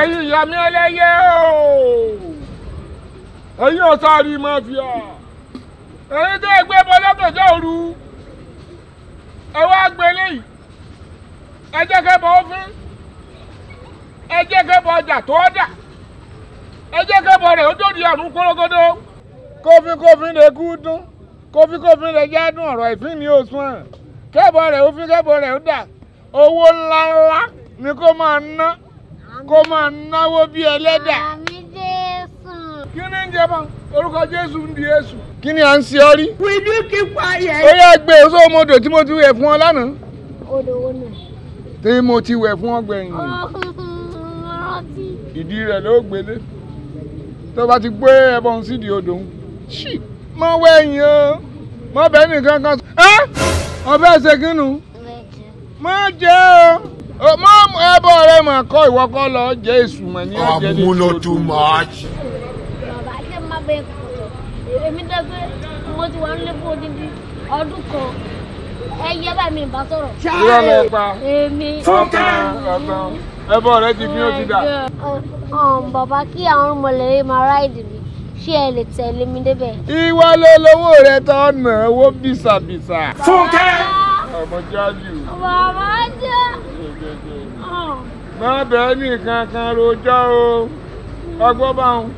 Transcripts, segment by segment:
ẹ̀yin ìyá mi ẹlẹ́yẹ o ẹ̀yin ọ̀sáàrí mafia ẹ̀yin tó gbé bọ́ lọ́gànjọ́ òru ẹ wá gbé léyìí ẹ jẹ́ kẹ́ bọ́ fún ẹ jẹ́ kẹ́ bọ́ ọjà tó dà ẹ jẹ́ kẹ́ bọ́ rẹ̀ ó tó di àrùn kórógódó kófínkófín lè kú dún kófínkófín lè jádùn ọ̀rọ̀ ìfín ní oṣù hàn kẹ́bọ̀ rẹ̀ ó fi kẹ́bọ̀ rẹ̀ ó dà owó ńláńlá ni kó máa ná kó máa náwó bí ẹlẹ́dà. àmì jésù. kí ni ń jẹ mọ́ orúkọ jésù ń di èṣù. kí ni à ń ṣe ọ rí. wíjú kí payẹ. ó yà gbé e oṣù ọmọdé tí mo ti wẹ̀ fún ọ lánàá. odò wo nà. tí mo ti wẹ̀ fún ọ gbẹ̀yìn. ìdí rẹ̀ ló gbélé tó bá ti gbé ẹbọn sídìí odò ń ṣì mọ wẹ̀yìn o mọ bẹ́ẹ̀ nìkan kan. ọbẹ̀ ṣe kínú. mọ jẹ́ o. Eh, mọ ẹbọ rẹ mọ kọ ìwọ kọ lọ jẹ èṣù mọ ní ọjẹ ní ìṣòro. too much. bàbá ṣe máa bẹ èmi dẹgbẹ mo ti wà nílé fún odindi ọdún kan ẹyẹ bá mi bá sọ̀rọ̀. irọ́ lọ pa ọkàn ọkàn ẹbọ rẹ ti fi ó ti dà. Oh oh, um, bàbá kí àwọn mọ̀lẹ́rì máa ráìdì mi ṣé ẹ lè tẹ̀lé mi débẹ̀. ìwọlé lówó rẹ tó nà owó bìsàbìsà. fúnkẹ́. ọmọ jáde o. bàbá jẹ́ má bẹ́ẹ̀ nìkan kan rojọ́ o ọgbọ́n bá wọn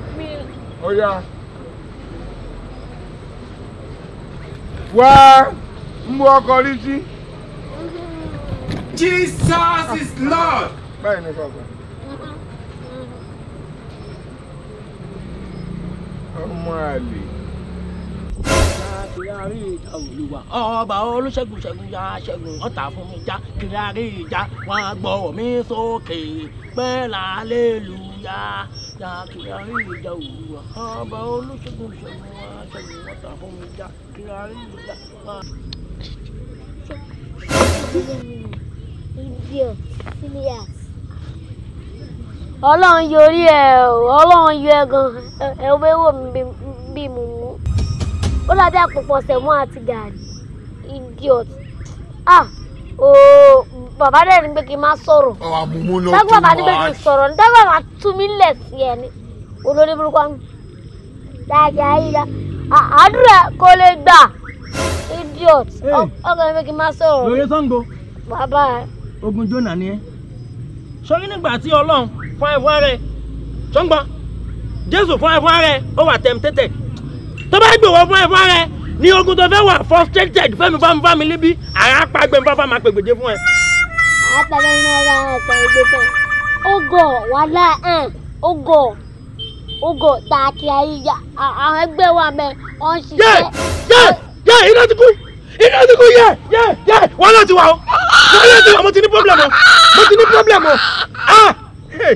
ó yá wá ń bú ọkọ rí Jesus is Lord. báyìí ni kọ̀ọ̀kan. Mm-hmm. ọmọ àlè kìláàrí ìjà olúwa ọba olùṣègùn ṣẹ́gun ya ṣẹ́gun ọ̀tá fún mi já kìláàrí ìjà wọn gbọ́ mi sókè pẹ́ẹ́lá lélùyà ya kìláàrí ìjà olúwa ọba olùṣègùn ṣẹ́gun ya ṣẹ́gun ọ̀tá fún mi já kìláàrí ìjà wọn. idiot serious ọlọ́run yọrí ẹ̀ ọlọ́run yọ ẹ̀ gan ẹ̀ ẹ̀ wẹ́wọ́ mi bí mo mọ̀ ó dàbí àpòpọ̀ sẹ̀mọ́ àti gàrí idiot ah ooo bàbá rẹ̀ ní pé kí n má sọ̀rọ̀ dágbà bàbá ní pé kí n sọ̀rọ̀ dágbà bàbá tún mí lẹ̀ sí ẹ ní olórí burúkú àmì dájà ayíra ah, àdúrà kò lè gbà idiot ọkọ ní pé kí n má sọ̀rọ̀. lóye sango. bàbá ẹ. ogun jona ni ẹ sọrí nígbà tí Ọlọ́run fún ẹfọ rẹ sọgbọn Jésù fún ẹfọ rẹ ó wà tẹmtẹtẹ tó bá gbèwọ́ fún ẹ fún ẹ ní ogun tó fẹ́ wà frustrated fẹ́mi fámi fámi líbí àrà pàgbẹ́ nfàfà máa pègbèdé fún ẹ. àrà pàgbẹ́ nínú ọ̀rọ̀ àwọn ọ̀pọ̀ ẹgbẹ́ fún ẹ. ogo wàhálà ẹn ogo ogo tààkì àyíjà àwọn ẹgbẹ́ wa mẹ́ ọ̀ ń ṣiṣẹ́. yẹ yẹ yẹ iná ti kú iná ti kú yẹ yẹ yẹ wọn náà ti wà o wọn náà ti wà mo ti ní problem o mo ti ní Ah, o.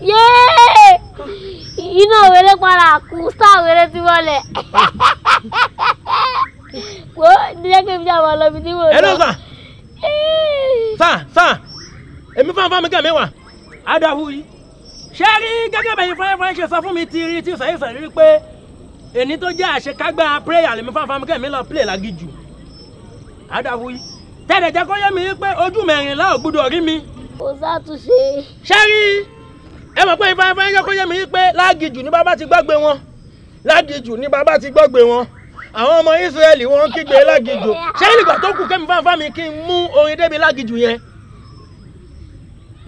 Yeah iná wẹrẹ padà kú sáà wẹrẹ ti wọlé wo jẹ́ kí n fi àwọn ọlọ́bi tí mo lọ. ẹ sàn sàn sàn èmi fún afọ́ mi kàn mí wà á dá ṣé rí gẹ́gẹ́ bẹ̀yìn fúnrẹ́fúnrẹ́ ṣe sọ fún mi ti rí ti fẹ́ẹ́ fẹ́ẹ́ rí pé èní tó jẹ́ àṣekágbá prayer lèmi fún afọ́ mi kàn mí lọ play lágìjù á dá tẹ̀lé jẹ́ kó yé mi pé ojú mẹ́rin láò gbúdọ̀ rí mi. kò sátúnṣe. ṣé rí i ẹ mọ̀ pé ìfẹ́fẹ́ kó yé mi pé lágìjù ni bàbá ti gbàgbé wọn lágìjù ni bàbá ti gbàgbé wọn àwọn ọmọ Ísírẹ́lì wọn kígbe lágìjù ṣé ìgbà tó kù kẹ́mi fáfá mi kí n mú orin débi lágìjù yẹn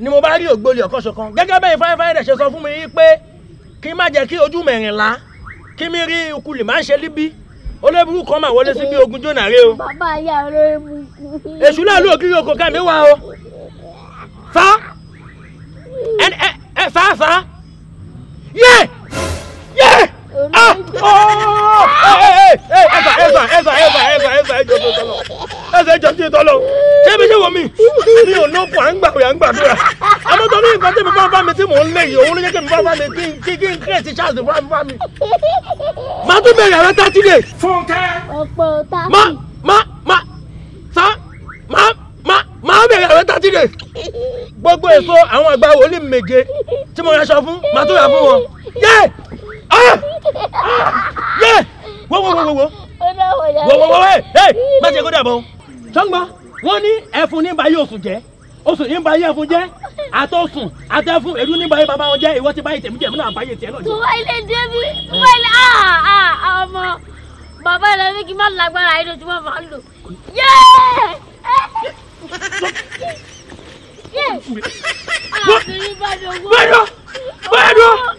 ni mo bá rí ògbólì ọ̀kọ́ṣọ̀kan gẹ́gẹ́ bẹ́ẹ̀ ìfẹ́fẹ́ rẹ̀ ṣe sọ fún mi pé kí n má jẹ́ kí ojú mẹ́rìnlá kí mi rí ikú lè má ṣe líbí olóbùkún kan mà wọlé sí bí ogun jónà rè o. bàbá ayé olóbùkún. èṣù náà lóògiri oko ká mi wá o. sá. yé yé ah ooo ẹsà ẹsà ẹsà ẹsà ẹsà ẹsà ẹjọ tó tọlọ ẹsà ẹjọ tó tọlọ ṣé ibi ṣe wọ mi mi ò lọ fún à ń gbà òyà ń gbàdúrà àmọ́ tó ní nǹkan tí mi bá bá mi tí mò ń lé yìí òun ló yẹ kí mi bá bá mi kí kí kí n kírè ti ṣáàzì fún bá mi. màá tún bẹ̀rẹ̀ rẹ tá a ti lè. fúnkẹ́. ọ̀pọ̀ tá a fi. má má àwọn bẹ̀rẹ̀ àwọn thirty days gbogbo èso àwọn àgbà wòlíì méje tí mo rẹṣọ fún màá tó rà fún wọn yé ah! Ah! yé wo wo wo wo wo wo wo wo wo ẹ má ṣe kó dàbọ̀ sọ́ngbọ́n wọ́n ní ẹ̀fun ní báyìí oṣù jẹ́ oṣù ní báyìí ẹ̀fun jẹ́ àtọ̀sùn àtẹ̀fún èlú ní báyìí bàbá wọn jẹ́ ìwọ ti báyìí tèmi jẹ́ múnà àbáyé tiẹ̀ náà jẹ́. tuwa ilé débi tuwa ilé ah, ọmọ bàbá ìlànà kí n má lágbára ayélujára máa ń lò. Ah, Bẹ́ẹ̀ni! Bẹ́ẹ̀ni!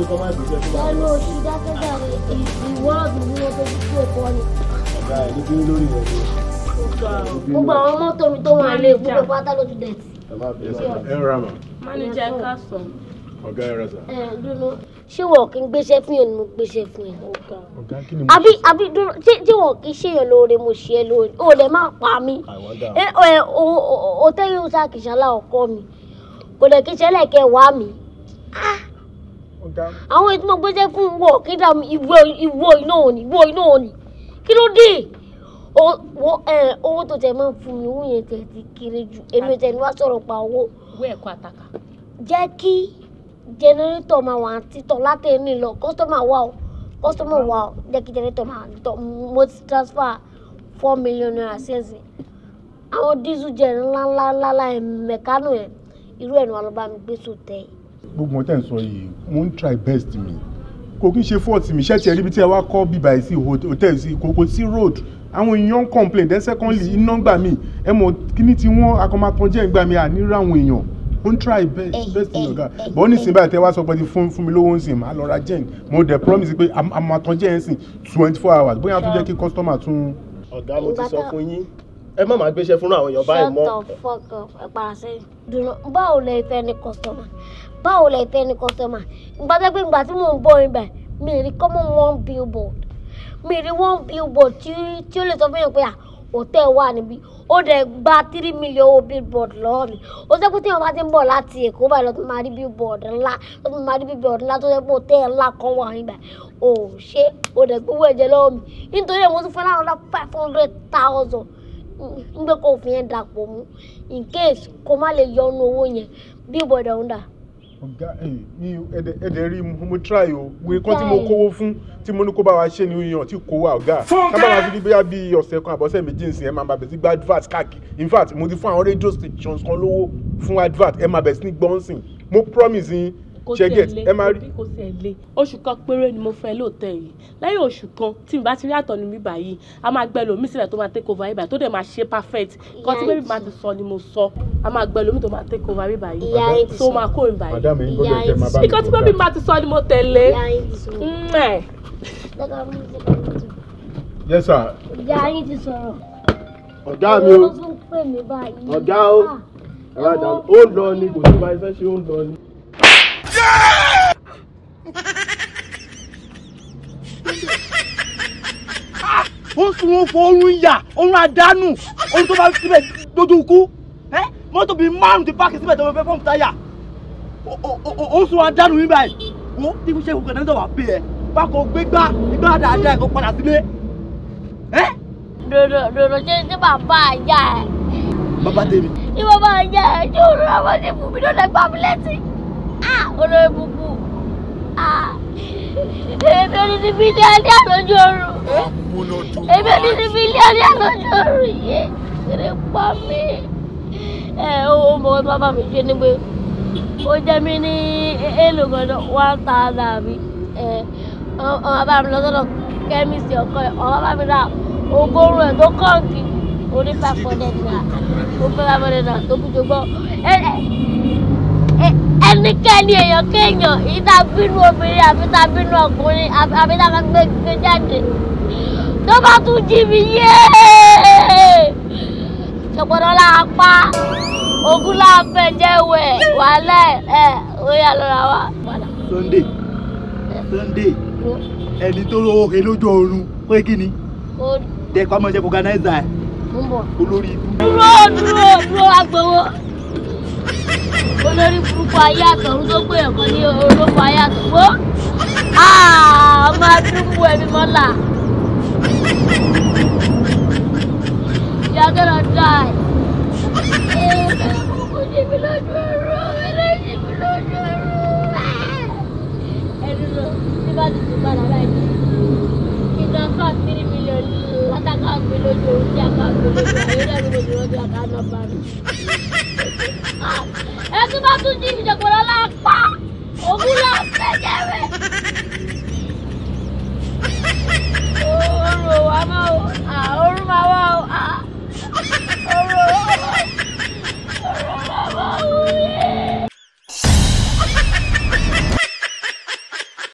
pé kọ́ máa bẹ̀rẹ̀ fún wa. ẹnu oṣù dákẹ́jà rẹ ìwọ́ọ̀dù ni wọ́n fẹ́ kú ẹ̀kọ́ ni. ọ̀gá ẹ̀ ló bínú lórí rẹ̀ ni. gbogbo àwọn mọ́tò mi tó wà ní ìgbúgbẹ́ pátá ló ti dẹ̀ tì. ẹ ra mà. mánéjà ká sọ. ọ̀gá ẹ ra sà. ẹ dúró ṣé wọn kì í gbéṣẹ́ fún yẹn ni mo gbéṣẹ́ fún yẹn. àbí àbí dúró ṣé wọn kì í ṣèyàn lóore mo ṣe é lóore o lè má pa mí. o tẹ́yìn ó sá kìsàlá ọkọ mi kò lè kí ṣẹlẹ̀ kẹ wá mi. ah àwọn ètò ìgbésẹ̀ kún wọ̀ kí dà mí ìwọ ìwọ iná òní ìwọ iná òní kí ló dé owó tó tẹ máa ń fún mi owó yẹn tẹ ti kéré jù èmi tẹ ni wá sọ̀rọ̀ pa owó. owó ẹ̀kọ́ àtàkà. jẹ́ kí jẹnẹrétọ̀ máa wà títọ̀ látẹ̀ẹ́nì lọ kọ́sítọ́mà wà ó kọ́sítọ́mà wà ó jẹ́ kí jẹnẹrétọ̀ máa tọ̀ mo ti transfer four million naira sẹ́sì àwọn dísù jẹ́ ńláńláńlá mẹ̀kánù yẹn irú ẹ̀ ni wà ló bá mi gbé sùn tẹ̀ gbogbo wọn tẹ̀ sọ yìí mo ń try best mi kò kí n ṣe fault mi ṣẹ́ẹ̀tì ẹ̀rí bí tí ẹ wá kọ́ bíbá ẹ̀ sí hotel sí kòkó sí road àwọn èèyàn complain then secondly iná gbà mí ẹ mọ̀ kíní tí wọ́n akọ́mọkàn jẹ́ gbà mí àníra àwọn èèyàn mo ń try best eh, mi eh, ọ̀gá eh, bọ́ ní ìsìn báyìí tẹ́ wá sọ pé fún fún mi lówó ń sìn máa lọ ra mo dẹ̀ promise pé àmọ́ àtọ́jẹ́ ẹ̀ sìn twenty four hours bóyá tó jẹ́ kí customer tún. ọ̀gá mo ti sọ fún yín ẹ má máa gbéṣẹ́ fúnra àwọn èèyàn báyìí mọ́. shut the fuck up ẹ para sẹ́yìn dùnà báwo lè fẹ́ ni kọ́sọ́mà báwo lè fẹ́ ni kọ́sọ́mà ìgbà tó pé ìgbà tí mò ń bọ̀ ibẹ̀ mi rí common one billboard mi rí one billboard tí tí ó lè sọ fún yàn pé à hotel wà níbí ó dẹ̀ gba three million owó billboard lọ́wọ́ mi ó sẹ́kù tí wọ́n bá ti ń bọ̀ láti èkó báyìí lọ́tún máa rí billboard ńlá lọ́tún máa rí billboard ńlá tó sẹ́ pé hotel ńlá kan wà níbẹ̀ ò ṣe ó dẹ̀ gbowó ẹ̀jẹ̀ lọ́wọ́ mi nítorí ẹ̀ mo tún fẹ́ láwọn ọ̀la five hundred thousand ń gbé kó òfin yẹn dàpọ̀ mú in case kó má lè yọ ọ́nú owó yẹn Billboard ọ̀hún dà ọ̀gá mi ẹ̀dẹ̀ rí mo try o wo ikán tí mo kówó fún tí mo ní kó bá wa ṣe ni yan tí kó wa ọ̀gá ká bá wa fi ní bóyá bíi ọ̀sẹ̀ kan àbọ̀sẹ̀ méjì ń sìn ẹ̀ e máa bàbẹ̀ sí gba advert káàkiri in fact mo ti fún àwọn radio stations kan lówó fún advert ẹ̀ e máa bẹ̀ sí gbọ́nsìn mo promise yín kò tẹ̀lé kò tẹ̀lé oṣù kan péré ni mo fẹ́ lóòótọ́ yìí lẹ́yìn oṣù kan tí n bá ti rí àtọ̀ ní mi báyìí a máa gbẹ lómi sílẹ̀ tó máa take over ibà tó dẹ̀ máa ṣe perfect kan tí bébí máa ti sọ ni mo sọ a máa gbẹ lómi tó máa take over ibà yìí tó máa kó ibà yìí ìkan tí bébí máa ti sọ ni mo tẹ̀lé. yes sir. ìyá yín ti sọ̀rọ̀. ọ̀gá mi o ọ̀gá o ah. ó lọ ni kò tó bá iṣẹ́ ṣe ó lọ ni ó sun wọn oorun yà oorun àdánù oorun tó bá síbẹ̀ dojú kú mọ́tò bíi márùn ti páàkì síbẹ̀ tó fẹ́ fọ́ọ̀mù táyà ó sun àdánù yín báyìí wo tí mo ṣe ìwé kọ̀dá wà pé ẹ bákan gbé gbá igbá dáadáa kó padà sílé. dòdò dòdò ṣe ní bàbá àyà ẹ. bàbá tèmi. ní bàbá àyà ẹ yóò rọra wọlé fún mi lọ́dọ̀ gbàmílẹ́tì olórí ah, búkú ah. èmi ò ní ti fi ilé adé àlójú oorun èmi ò ní ti fi ilé adé àlójú oorun yé kiri pa mí ẹ o mọ ọdún bàbá mi ṣe ni pé ó jẹ mí ní èlò gbọ́dọ̀ one thousand mi ẹ ọmọ bàbá mi lọ́sọ̀dọ̀ kẹ́míìsì ọkọ ẹ tó kú jọgbọ́ ẹ ẹ ẹnikẹ́ni èèyàn kéèyàn èyí tá a bínú obìnrin àbí tá a bínú ọkùnrin àbí tá a gbé gbé jáde tó bá tún jí mi yéé ṣọ̀gbọ́dọ̀ lára pa ogun lára fẹ́ jẹ́ ìwẹ̀ wàhálà ẹ̀ ó yà lọ́ra wa. Sunday Sunday ẹni tó lówó ke lójú oorun pé kí ni dẹ́kun amọ̀jẹ́ fọgànáìzà ẹ̀ olórí ibú. dúró dúró dúró agbowó olórí burúkú ayé àtọ̀run tó gbé ọ̀kan ní olóko ayé àtọ̀run ó ọmọ adúgbò ẹ̀mí mọ́là. ẹ tó bá tún jí ìjọpọ̀ lọ́la pa òun lọ fẹ́jẹ̀ rẹ̀. oorun wa máa o oorun máa wá o.